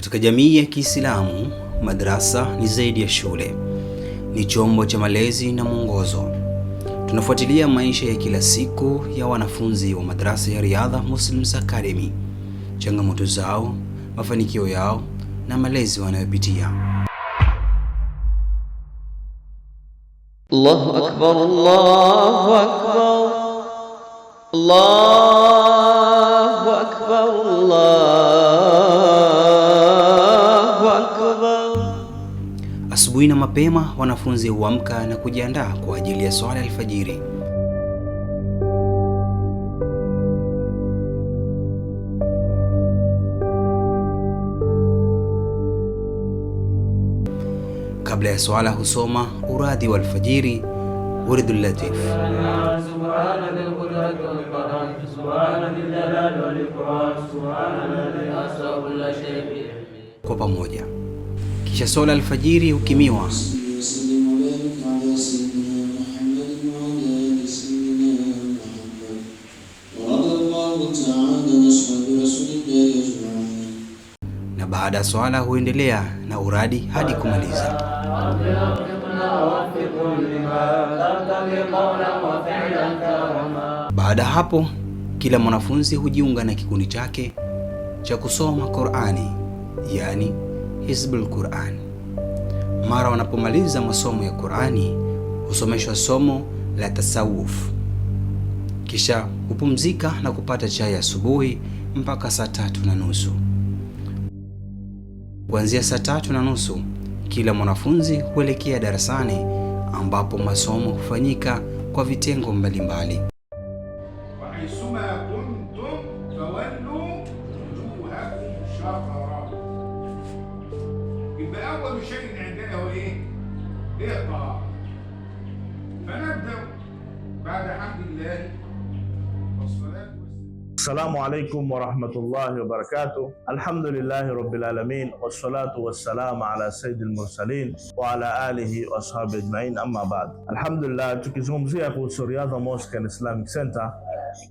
Katika jamii ya Kiislamu, madrasa ni zaidi ya shule, ni chombo cha malezi na mwongozo. Tunafuatilia maisha ya kila siku ya wanafunzi wa madrasa ya Riyadha Muslims Academy, changamoto zao, mafanikio yao na malezi wanayopitia. Allahu akbar, Allahu akbar, Allah mapema wanafunzi huamka na kujiandaa kwa ajili ya swala alfajiri. Kabla ya swala husoma uradhi wa alfajiri, Wirdul Latif. Kwa pamoja cha sola alfajiri hukimiwa. Na baada ya swala huendelea na uradi hadi kumaliza. Baada hapo kila mwanafunzi hujiunga na kikundi chake cha kusoma Qur'ani, yani Hizbul Qur'an. Mara wanapomaliza masomo ya Qur'ani husomeshwa somo la tasawuf, kisha hupumzika na kupata chai asubuhi mpaka saa tatu na nusu. Kuanzia saa tatu na nusu kila mwanafunzi huelekea darasani ambapo masomo hufanyika kwa vitengo mbalimbali mbali. السلام عليكم ورحمة الله وبركاته الحمد لله رب العالمين والصلاة والسلام على سيد المرسلين وعلى آله وأصحابه أجمعين أما بعد الحمد لله تكزهم زيك وسورياضا موسك الإسلامي سنتر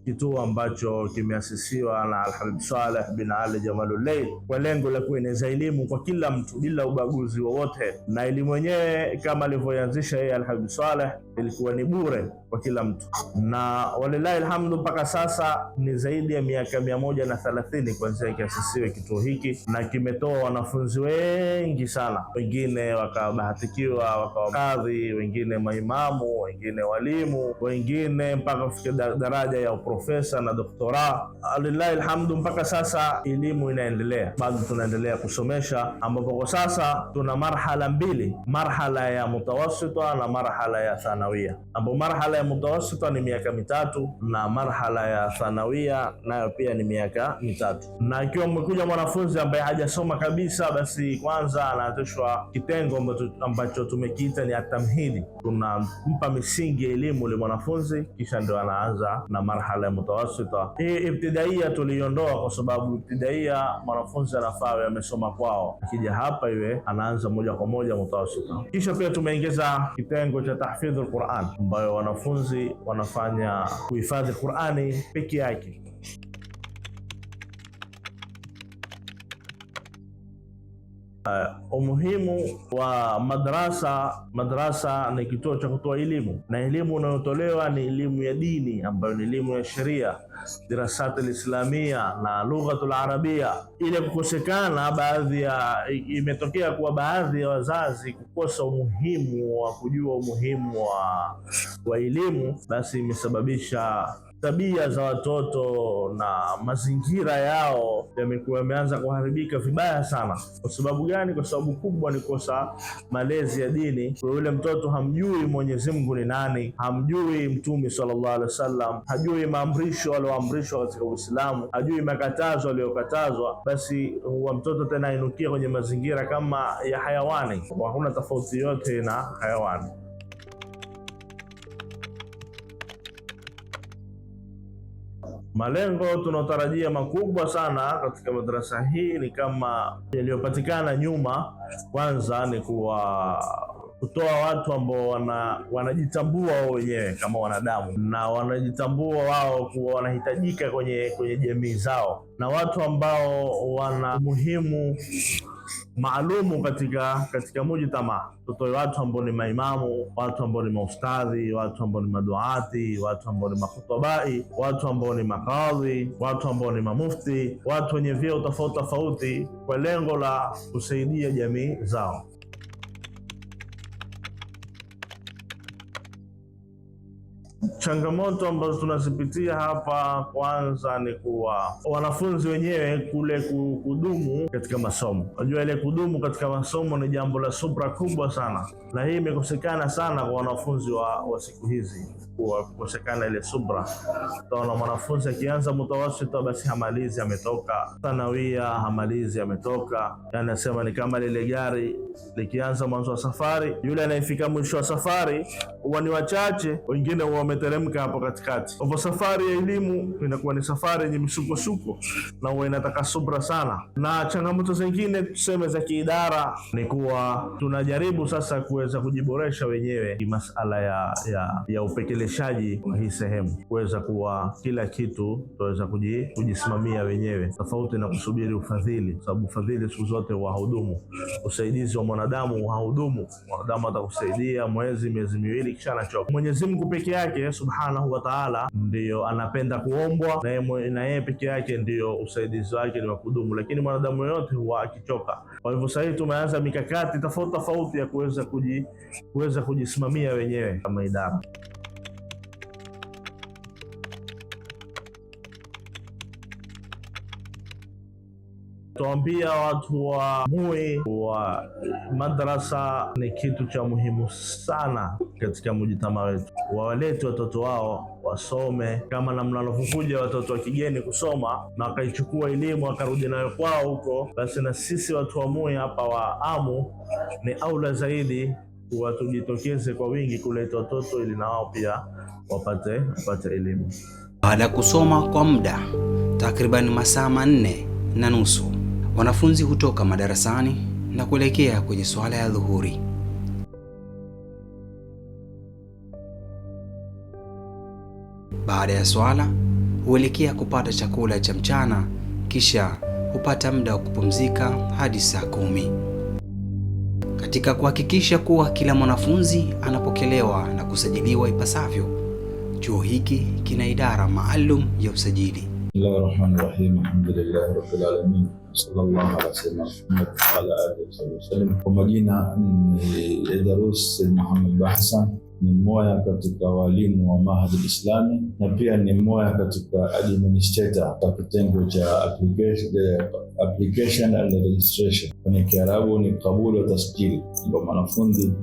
kituo ambacho kimeasisiwa na Alhabib Saleh bin Ali Jamalullail kwa lengo la kueneza elimu kwa kila mtu bila ubaguzi wowote, na elimu yenyewe kama alivyoanzisha yeye Alhabib Saleh ilikuwa ni bure kwa kila mtu, na walilahi alhamdu, mpaka sasa ni zaidi ya miaka mia moja na thelathini kuanzia kiasisiwe kituo hiki, na kimetoa wanafunzi wengi sana, wengine wakabahatikiwa wakawa kadhi, wengine maimamu, wengine walimu, wengine mpaka kufikia daraja ya ya uprofesa na doktora. Lillahi alhamdu, mpaka sasa elimu inaendelea, bado tunaendelea kusomesha, ambapo kwa sasa tuna marhala mbili, marhala ya mutawasita na marhala ya thanawia, ambapo marhala ya mutawasita ni miaka mitatu na marhala ya thanawia nayo pia ni miaka mitatu. Na ikiwa mmekuja mwanafunzi ambaye hajasoma kabisa, basi kwanza anaanzishwa kitengo ambacho, ambacho tumekiita ni atamhidi. Tunampa misingi ya elimu ule mwanafunzi, kisha ndio anaanza na marhala marhala ya mutawasita. Hii ibtidaia tuliiondoa kwa sababu ibtidaia mwanafunzi anafaa amesoma kwao, akija hapa iwe anaanza moja kwa moja mutawasita. Kisha pia tumeongeza kitengo cha tahfidhul Quran ambayo wanafunzi wanafanya kuhifadhi Qurani peke yake. Uh, umuhimu wa madrasa. Madrasa ni kituo cha kutoa elimu na elimu inayotolewa ni elimu ya dini ambayo ni elimu ya sheria, dirasati alislamia na lughatul arabia. Ile kukosekana baadhi ya, imetokea kuwa baadhi ya wazazi kukosa umuhimu wa kujua umuhimu wa elimu, basi imesababisha tabia za watoto na mazingira yao yamekuwa yameanza kuharibika vibaya sana. Kwa sababu gani? Kwa sababu kubwa ni kosa malezi ya dini. Kwa yule mtoto hamjui Mwenyezi Mungu ni nani, hamjui Mtume sallallahu alaihi wasallam, hajui maamrisho aliyoamrishwa katika Uislamu, hajui makatazo aliyokatazwa, basi huwa mtoto tena ainukia kwenye mazingira kama ya hayawani, hakuna tofauti yote na hayawani. Malengo tunaotarajia makubwa sana katika madrasa hii ni kama yaliyopatikana nyuma. Kwanza ni kuwa kutoa watu ambao wana, wanajitambua wao wenyewe kama wanadamu na wanajitambua wao kuwa wanahitajika kwenye, kwenye jamii zao na watu ambao wana umuhimu maalumu katika katika tamaa tutoe watu ambao ni maimamu, watu ambao ni maustadhi, watu ambao ni maduati, watu ambao ni makutubai, watu ambao ni makadhi, watu ambao ni mamufti, watu wenye vyeo tofauti tofauti, kwa lengo la kusaidia jamii zao. Changamoto ambazo tunazipitia hapa, kwanza ni kuwa wanafunzi wenyewe kule kudumu katika masomo. Unajua, ile kudumu katika masomo ni jambo la subra kubwa sana, na hii imekosekana sana kwa wanafunzi wa, wa siku hizi kukosekana ile subra. Utaona mwanafunzi akianza mutawasita, basi hamalizi ametoka, sanawia hamalizi ametoka. Yani anasema ni kama lile gari likianza mwanzo wa safari, yule anayefika mwisho wa safari huwa ni wachache, wengine huwa wameteremka hapo katikati. Hivyo safari ya elimu inakuwa ni safari yenye misukosuko na huwa inataka subra sana, na changamoto zingine tuseme za kiidara ni kuwa tunajaribu sasa kuweza kujiboresha wenyewe masala ya, ya, ya upekele uendeshaji wa hii sehemu kuweza kuwa kila kitu tunaweza kujisimamia wenyewe, tofauti na kusubiri ufadhili, kwa sababu ufadhili siku zote wahudumu. Usaidizi wa mwanadamu wahudumu, mwanadamu atakusaidia mwezi, miezi miwili, kisha anachoka. Mwenyezi Mungu peke yake subhanahu wa taala ndiyo anapenda kuombwa na yeye peke yake, ndiyo usaidizi wake ni wa kudumu, lakini mwanadamu yoyote huwa akichoka. Kwa hivyo sasa tumeanza mikakati tofauti tofauti ya kuweza kujisimamia wenyewe kama idara. tuambia watu wa mue wa madrasa ni kitu cha muhimu sana katika mujitama wetu. Wawalete watoto wao wasome, kama namna wanavyokuja watoto wa kigeni kusoma na wakaichukua elimu wakarudi nayo kwao huko, basi na sisi watu wa mue hapa wa Amu ni aula zaidi kuwa tujitokeze kwa wingi kuleta watoto ili na wao pia wapate wapate elimu. Baada ya kusoma kwa muda takriban masaa manne na nusu wanafunzi hutoka madarasani na kuelekea kwenye swala ya dhuhuri. Baada ya swala huelekea kupata chakula cha mchana, kisha hupata muda wa kupumzika hadi saa kumi. Katika kuhakikisha kuwa kila mwanafunzi anapokelewa na kusajiliwa ipasavyo, chuo hiki kina idara maalum ya usajili. بسم الله الرحمن الرحيم الحمد لله رب العالمين صلى الله على سيدنا محمد وعلى اله وصحبه وسلم umejina ni Edarus Muhammad Hassan ni mmoja katika walimu wa Mahad Islami na pia ni mmoja katika administrator wa kitengo cha application, application and registration. Kwa Kiarabu ni kabuli wa tasjili kwa mwanafunzi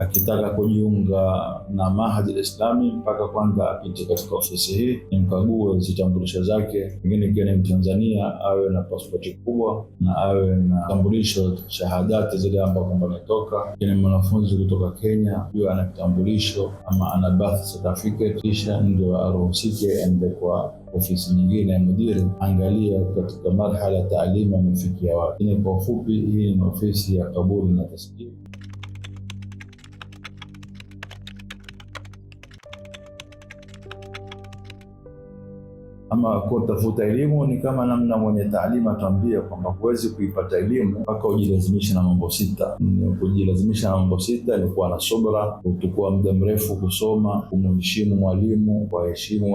akitaka kujiunga na Mahadi Islami mpaka kwanza apite katika ofisi hii, nimkague zitambulisho zake, pengine ikiwa ni Mtanzania awe na paspoti kubwa na awe na kitambulisho shahadati zile ambao kwamba ametoka. Ni mwanafunzi kutoka Kenya huyo ana kitambulisho ama ana birth certificate, kisha ndio aruhusike ende kwa ofisi nyingine ya mudiri, angalia katika marhala ya taalimu amefikia wapi. Lakini kwa ufupi, hii ni ofisi ya kabuli na tasjili. ama kutafuta elimu ni kama namna mwenye taalimu atambia kwamba huwezi kuipata elimu mpaka ujilazimisha na mambo sita. Kujilazimisha na mambo sita ni kuwa na subra, kutukua muda mrefu kusoma, kumheshimu mwalimu, kuwaheshimu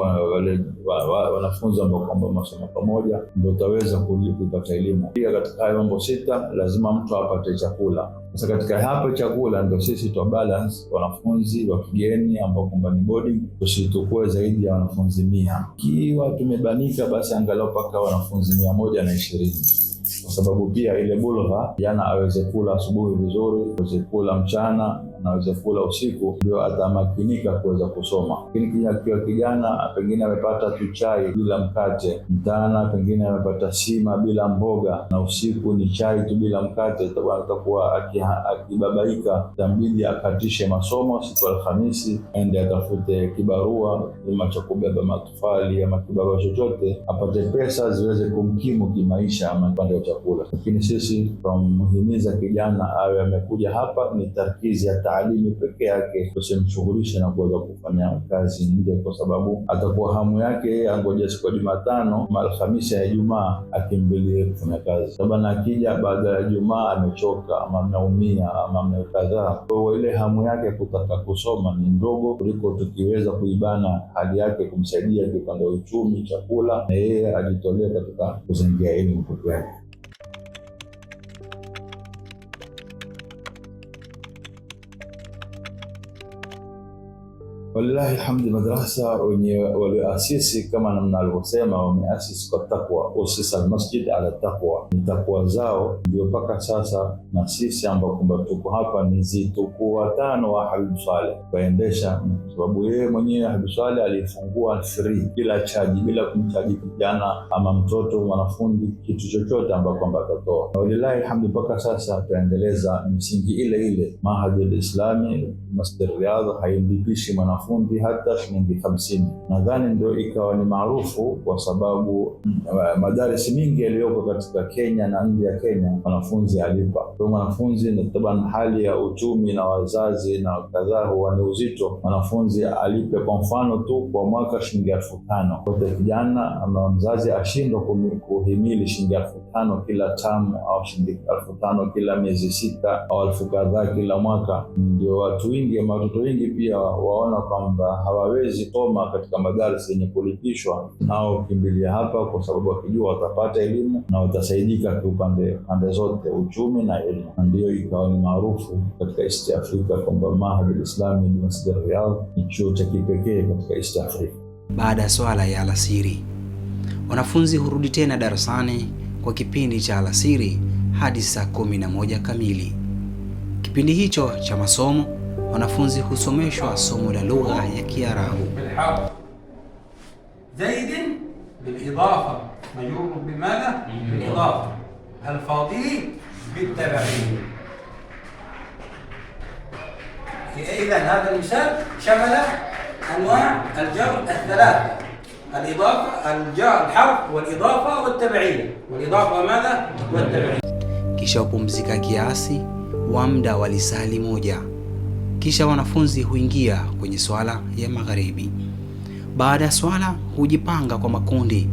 wanafunzi ambao kwamba masomo pamoja, ndo utaweza kuipata elimu. Pia katika hayo mambo sita lazima mtu apate chakula. Sasa katika hapo chakula ndo sisi twa balance wanafunzi wa kigeni ambao kwamba ni boarding, tusitukue zaidi ya wanafunzi mia. Ikiwa tumebanika, basi angalau paka wanafunzi mia moja na ishirini kwa sababu pia ile bulgha jana aweze kula asubuhi vizuri, aweze kula mchana unaweza kula usiku, ndio atamakinika kuweza kusoma. Lakini akiwa kijana pengine amepata tu chai bila mkate, mchana pengine amepata sima bila mboga, na usiku ni chai tu bila mkate, atakuwa akibabaika, tambidi akatishe masomo siku Alhamisi, aende atafute kibarua ima cha kubeba matofali ama kibarua chochote, apate pesa ziweze kumkimu kimaisha ama upande wa chakula. Lakini sisi tunamhimiza kijana awe amekuja hapa ni tarkizi ya alimu peke yake usimshughulishe na kuweza kufanya kazi nje, kwa sababu atakuwa hamu yake yeye angoja siku ya Jumatano, Alhamisi ya Ijumaa akimbilie kufanya kazi, na akija baada ya Ijumaa amechoka ama ameumia ama amekadhaa. Kwa hiyo ile hamu yake kutaka kusoma ni ndogo kuliko tukiweza kuibana hali yake kumsaidia kiupande wa uchumi, chakula, na yeye ajitolee katika kuzingia elimu peke yake. Walillahi alhamdu, madrasa wenye walioasisi kama namna alivyosema, wameasisi kwa takwa, usisa almasjid ala takwa, ni takwa zao ndio mpaka sasa. Na sisi ambao kwamba tuko hapa ni zituku tano wa Habibu Saleh kaendesha, kwa sababu yeye mwenyewe Habibu Saleh alifungua free bila chaji, bila kumchaji kijana ama mtoto mwanafundi kitu chochote ambao kwamba atatoa. Walillahi alhamdu, mpaka sasa tuendeleza misingi ile ile mahadi al-Islami masdar Riyadh haimlipishi mwanafunzi hata shilingi hamsini. Nadhani ndio ikawa ni maarufu kwa sababu eh, madarisi mingi yaliyoko katika Kenya na nje ya Kenya mwanafunzi alipa. Kwa mwanafunzi na taban, hali ya uchumi na wazazi na kadhaa huwa ni uzito, mwanafunzi alipe kwa mfano tu kwa mwaka shilingi elfu tano kote, kijana ama mzazi ashindwa kuhimili shilingi elfu tano kila tamu au shilingi elfu tano kila miezi sita au elfu kadhaa kila mwaka, ndio watu wengi ama watoto wengi pia waona kwamba hawawezi koma katika madarasa yenye kulipishwa, nao kimbilia hapa, kwa sababu wakijua watapata elimu na watasaidika kiupande pande zote, uchumi na elimu. Ndiyo ikawa ni maarufu katika East Africa kwamba Mahad Islami Masjid Riyadh ni chuo cha kipekee katika East Africa. Baada ya swala ya alasiri, wanafunzi hurudi tena darasani kwa kipindi cha alasiri hadi saa kumi na moja kamili. Kipindi hicho cha masomo wanafunzi husomeshwa somo la lugha ya Kiarabu. zaid bilidafa majrur bimadha bilidafa alfadili bitabi'i. Idhan hadha almisal shamala anwa' aljar althalatha alidafa aljar alharf walidafa waltabi'iyya walidafa madha waltabi'iyya. Kisha upumzika kiasi wa muda wa lisali moja Kisha wanafunzi huingia kwenye swala ya magharibi. Baada ya swala hujipanga kwa makundi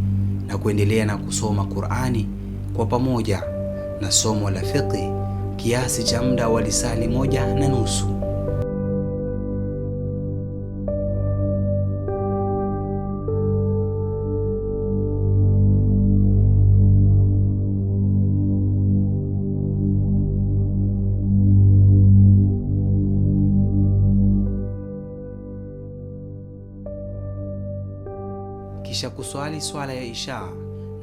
na kuendelea na kusoma Qur'ani kwa pamoja na somo la fiqh kiasi cha muda wa lisali moja na nusu. kisha kuswali swala ya Isha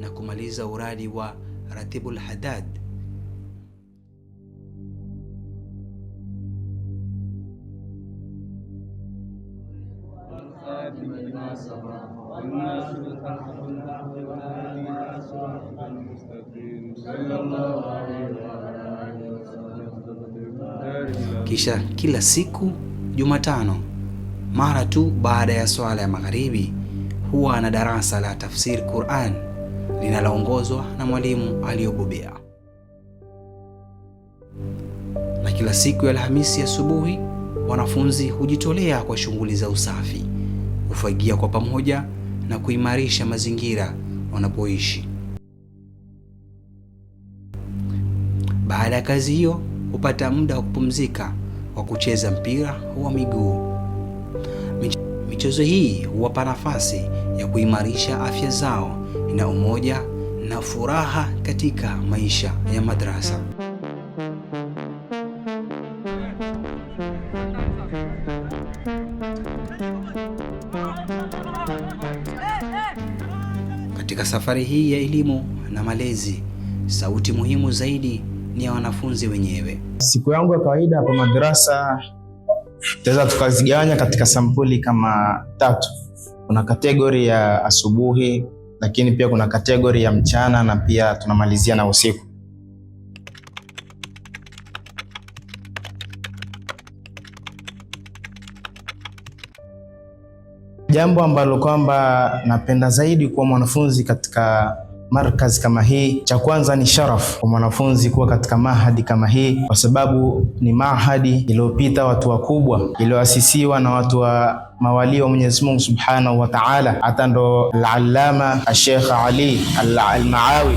na kumaliza uradi wa Ratibul Hadad. Kisha kila siku Jumatano mara tu baada ya swala ya magharibi huwa na darasa la tafsiri Qur'an linaloongozwa na mwalimu aliyobobea, na kila siku ya Alhamisi asubuhi wanafunzi hujitolea kwa shughuli za usafi, kufagia kwa pamoja na kuimarisha mazingira wanapoishi. Baada ya kazi hiyo hupata muda wa kupumzika kwa kucheza mpira wa miguu. Michezo hii huwapa nafasi ya kuimarisha afya zao na umoja na furaha katika maisha ya madrasa. Katika safari hii ya elimu na malezi, sauti muhimu zaidi ni ya wanafunzi wenyewe. Siku yangu ya kawaida hapa madrasa tunaweza tukazigawanya katika sampuli kama tatu. Kuna kategori ya asubuhi, lakini pia kuna kategori ya mchana na pia tunamalizia na usiku. Jambo ambalo kwamba napenda zaidi kuwa mwanafunzi katika markazi kama hii, cha kwanza ni sharafu kwa mwanafunzi kuwa katika mahadi kama hii, kwa sababu ni mahadi iliyopita watu wakubwa, iliyoasisiwa na watu wa mawalio wa Mwenyezi Mungu Subhanahu wa Ta'ala, hata ndo al-Allama sheikh Ali al-Maawi,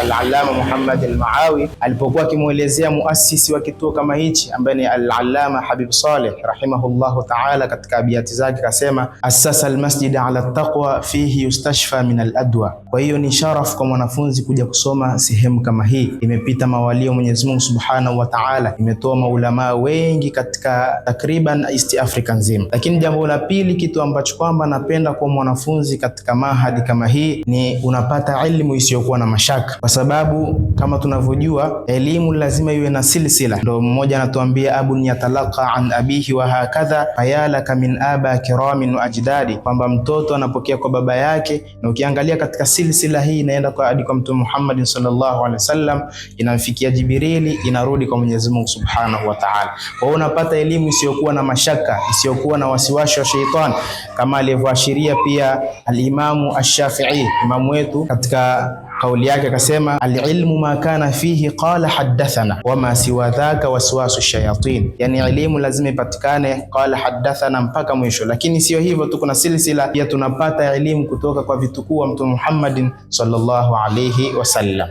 al-Allama Muhammad al-Maawi alipokuwa akimwelezea muasisi wa kituo kama hichi ambaye ni al-Allama Habib Saleh rahimahullahu ta'ala, katika abiati zake kasema, asasa al-masjid ala taqwa fihi yustashfa min al-adwa. Kwa hiyo ni sharaf kwa mwanafunzi kuja kusoma sehemu kama hii. Imepita mawalio Mwenyezi Mungu Subhanahu wa Ta'ala, imetoa maulamaa wengi katika takriban East Africa nzima, lakini jambo la pili, kitu ambacho kwamba napenda kwa mwanafunzi katika mahadi kama hii ni unapata elimu isiyokuwa na mashaka, kwa sababu kama tunavyojua elimu lazima iwe na silsila. Ndio mmoja anatuambia abun yatalaqa an abihi wa hakadha fayalaka min aba kiramin wa ajdadi, kwamba mtoto anapokea kwa baba yake, na ukiangalia katika silsila hii inaenda kwa hadi kwa Mtume Muhammad sallallahu alaihi wasallam, inamfikia Jibrili, inarudi kwa Mwenyezi Mungu subhanahu wa ta'ala. Kwa hiyo unapata elimu isiyokuwa na mashaka, isiyokuwa na wasiwasi kumsafisha sheitan, kama alivyoashiria pia alimamu Ash-Shafi'i, imamu wetu katika kauli yake akasema, alilmu ma kana fihi qala hadathana ma siwa dhaka waswasu shayatin, yani elimu lazima ipatikane qala hadathana mpaka mwisho. Lakini sio hivyo tu, kuna silsila pia tunapata elimu kutoka kwa vitukuu wa Mtume Muhammadin sallallahu alayhi wasallam.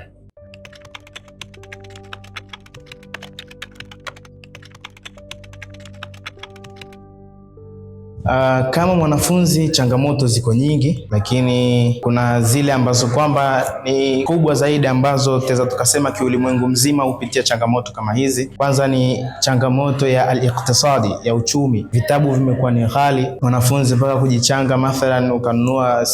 Uh, kama mwanafunzi changamoto ziko nyingi, lakini kuna zile ambazo kwamba ni kubwa zaidi ambazo tunaweza tukasema kiulimwengu mzima hupitia changamoto kama hizi. Kwanza ni changamoto ya al-iqtisadi ya uchumi, vitabu vimekuwa ni ghali, mwanafunzi mpaka kujichanga, mathalan ukanunua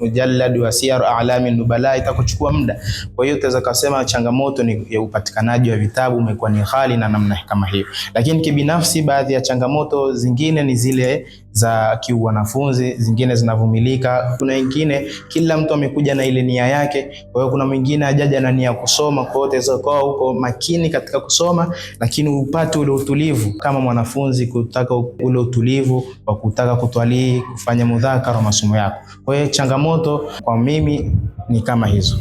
mujallad wa Siyar A'lami Nubala itakuchukua muda. Kwa hiyo tunaweza kusema changamoto ni ya upatikanaji wa vitabu umekuwa ni ghali na namna kama hiyo, lakini kibinafsi, baadhi ya changamoto zingine ni zile za kiwanafunzi zingine zinavumilika. Kuna wengine kila mtu amekuja na ile nia yake. Kwa hiyo kuna mwingine ajaja na nia kusoma, kwa hiyo utakuwa uko makini katika kusoma, lakini upate ule utulivu kama mwanafunzi, kutaka ule utulivu wa kutaka kutwalii, kufanya mudhakara masomo yako. Kwa hiyo changamoto kwa mimi ni kama hizo.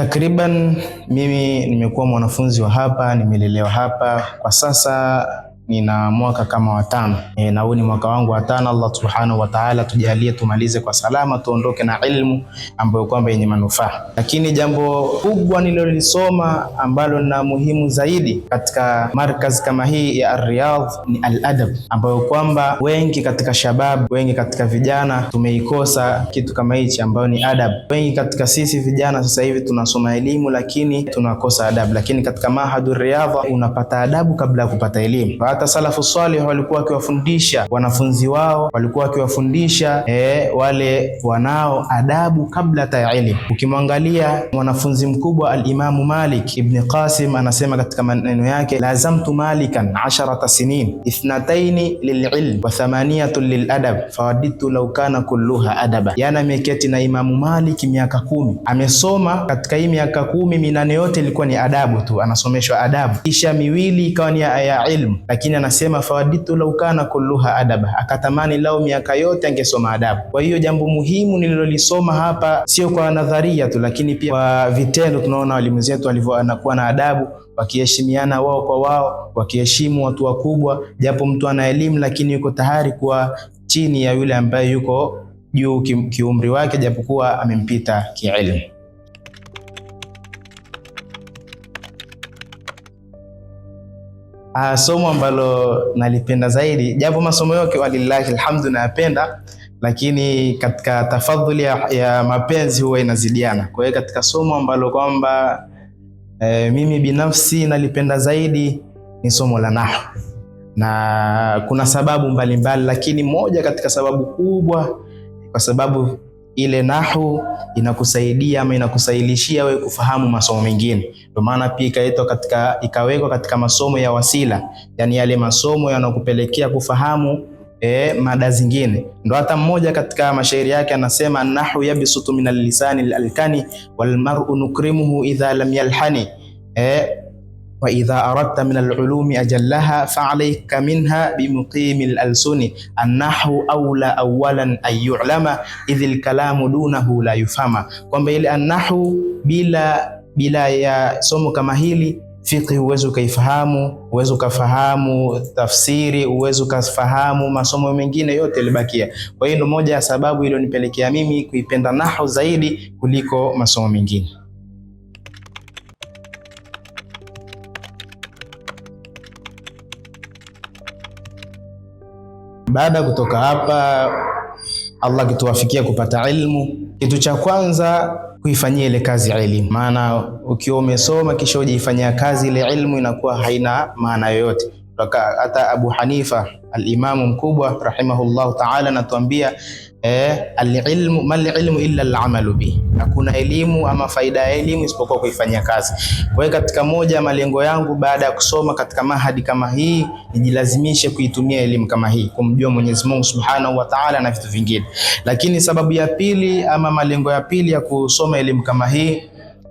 Takriban mimi nimekuwa mwanafunzi wa hapa, nimelelewa hapa. Kwa sasa nina mwaka kama watano e, na huu ni mwaka wangu watano. Allah subhanahu wa ta'ala tujalie tumalize kwa salama, tuondoke na ilmu ambayo kwamba yenye manufaa. Lakini jambo kubwa nililolisoma ambalo na muhimu zaidi katika markaz kama hii ya Riyadh ni al-adab, ambayo kwamba wengi katika shabab, wengi katika vijana tumeikosa kitu kama hichi ambayo ni adab. Wengi katika sisi vijana sasa hivi tunasoma elimu lakini tunakosa adab, lakini katika mahadu Riyadh unapata adabu kabla ya kupata elimu hata salafu salih walikuwa wakiwafundisha wanafunzi wao, walikuwa wakiwafundisha e, wale wanao adabu kabla ta ilmu. Ukimwangalia mwanafunzi mkubwa alimamu Malik ibn Qasim anasema katika maneno yake, lazamtu malikan asharata sinin ithnataini lililm wa thamaniyatun liladab fawaditu law kana kulluha adaba, yani ameketi na imamu Malik miaka kumi amesoma katika hii miaka kumi minane yote ilikuwa ni adabu tu, anasomeshwa adabu, kisha miwili ikawa ni ya ilmu lakini anasema fawaditu lau kana kulluha adaba, akatamani lao miaka yote angesoma adabu. Kwa hiyo jambo muhimu nililolisoma hapa sio kwa nadharia tu, lakini pia kwa vitendo. Tunaona walimu zetu walivyo anakuwa na adabu wakiheshimiana wao kwa wao, wakiheshimu watu wakubwa, japo mtu ana elimu lakini yuko tayari kuwa chini ya yule ambaye yuko juu kiumri wake, japokuwa amempita kielimu. Uh, somo ambalo nalipenda zaidi japo masomo yote walillahi alhamdu nayapenda, lakini katika tafadhuli ya, ya mapenzi huwa inazidiana. Kwa hiyo katika somo ambalo kwamba e, mimi binafsi nalipenda zaidi ni somo la nahu, na kuna sababu mbalimbali mbali, lakini moja katika sababu kubwa kwa sababu ile nahu inakusaidia ama inakusailishia wewe kufahamu masomo mengine. Ndio maana pia ikaitwa katika, ikawekwa katika masomo ya wasila, yani yale masomo yanakupelekea kufahamu e, mada zingine. Ndio hata mmoja katika mashairi yake anasema, nahu yabsutu min allisani alkani walmaru nukrimuhu idha lam yalhani e, wa idha aradta min alulumi ajallaha faalaika minha bimuqimi lalsuni annahu aula awalan an yulama idh lkalamu dunahu la yufama, kwamba ile annahu bila, bila ya somo kama hili fiqhi huwezi ukaifahamu, huwezi ukafahamu tafsiri, huwezi ukafahamu masomo mengine yote yalibakia. Kwa hiyo ndio moja ya sababu iliyonipelekea mimi kuipenda nahu zaidi kuliko masomo mengine. Baada ya kutoka hapa, Allah kituwafikia kupata ilmu, kitu cha kwanza kuifanyia ile kazi elimu, maana ukiwa umesoma kisha hujaifanyia kazi ile ilmu inakuwa haina maana yoyote hata Abu Hanifa alimamu mkubwa rahimahullahu ta'ala anatuambia eh, alilmu mal ilmu illa alamalu bi, hakuna elimu ama faida ya elimu isipokuwa kuifanyia kazi. Kwa hiyo katika moja ya malengo yangu baada ya kusoma katika mahadi kama hii, nijilazimishe kuitumia elimu kama hii kumjua Mwenyezi Mungu Subhanahu wa Ta'ala na vitu vingine. Lakini sababu ya pili ama malengo ya pili ya kusoma elimu kama hii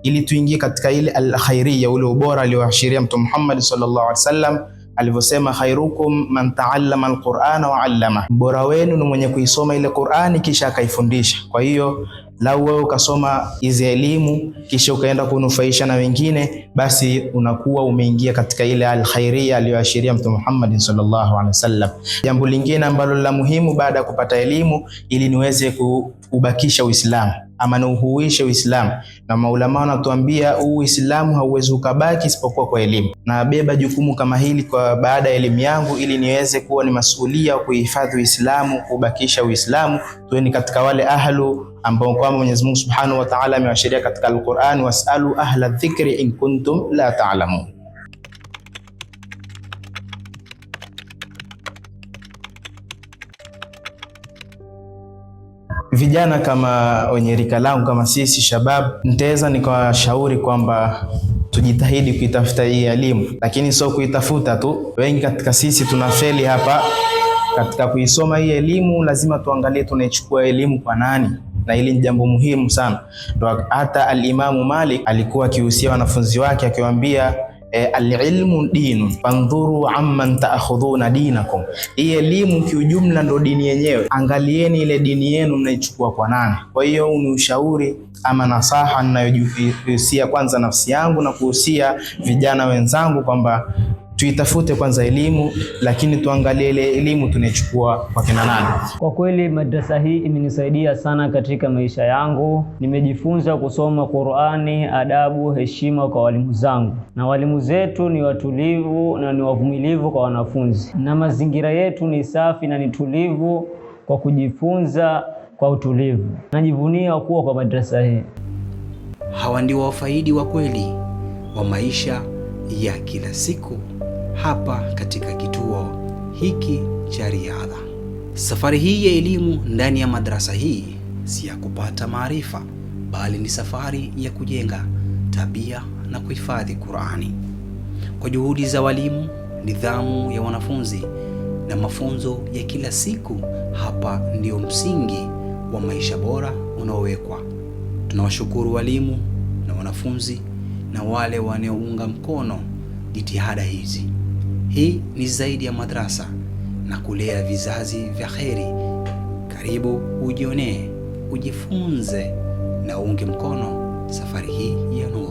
ili tuingie katika ile alkhairiya, ule ubora alioashiria Mtume Muhammad sallallahu alaihi wasallam alivyosema khairukum man taallama alqur'ana wa allama, mbora wenu ni mwenye kuisoma ile Qur'ani kisha akaifundisha. Kwa hiyo lau wewe ukasoma hizi elimu kisha ukaenda kunufaisha na wengine, basi unakuwa umeingia katika ile alkhairia aliyoashiria Mtume Muhammad sallallahu alaihi wasallam. Jambo lingine ambalo la muhimu baada ya kupata elimu, ili niweze kuubakisha Uislamu ama nauhuishe Uislamu. Na maulama wanatuambia huu Uislamu hauwezi ukabaki isipokuwa kwa elimu. Nabeba jukumu kama hili kwa baada ya elimu yangu, ili niweze kuwa ni masuhulia wa kuhifadhi Uislamu, kubakisha Uislamu, tuweni katika wale ahlu ambao kwamba Mwenyezi Mungu Subhanahu wa Ta'ala amewashiria katika Al-Qur'an, wasalu ahla dhikri in kuntum la ta'lamun. vijana kama wenye rika langu kama sisi shabab, nitaweza nikawashauri kwamba tujitahidi kuitafuta hii elimu, lakini sio kuitafuta tu. Wengi katika sisi tunafeli hapa katika kuisoma hii elimu. Lazima tuangalie tunaichukua elimu kwa nani, na hili ni jambo muhimu sana. hata Alimamu Malik alikuwa akihusia wanafunzi wake akiwaambia E, alilmu dinu fandhuru amman taakhudhuna dinakum, hii elimu kiujumla ndo dini yenyewe. Angalieni ile dini yenu mnaichukua kwa nani? Kwa hiyo ni ushauri ama nasaha ninayojihusia kwanza nafsi yangu na kuhusia vijana wenzangu kwamba tuitafute kwanza elimu, lakini tuangalie ile elimu tunaichukua kwa kina nani. Kwa kweli madrasa hii imenisaidia sana katika maisha yangu. Nimejifunza kusoma Qur'ani, adabu, heshima kwa walimu zangu, na walimu zetu ni watulivu na ni wavumilivu kwa wanafunzi, na mazingira yetu ni safi na ni tulivu kwa kujifunza kwa utulivu. Najivunia kuwa kwa madrasa hii. Hawa ndio wafaidi wa kweli wa maisha ya kila siku hapa katika kituo hiki cha riadha. Safari hii ya elimu ndani ya madrasa hii si ya kupata maarifa, bali ni safari ya kujenga tabia na kuhifadhi Qur'ani kwa juhudi za walimu, nidhamu ya wanafunzi na mafunzo ya kila siku. Hapa ndio msingi wa maisha bora unaowekwa. Tunawashukuru walimu na wanafunzi na wale wanaounga mkono jitihada hizi. Hii ni zaidi ya madrasa na kulea vizazi vya kheri. Karibu ujionee, ujifunze na uunge mkono safari hii ya nuru.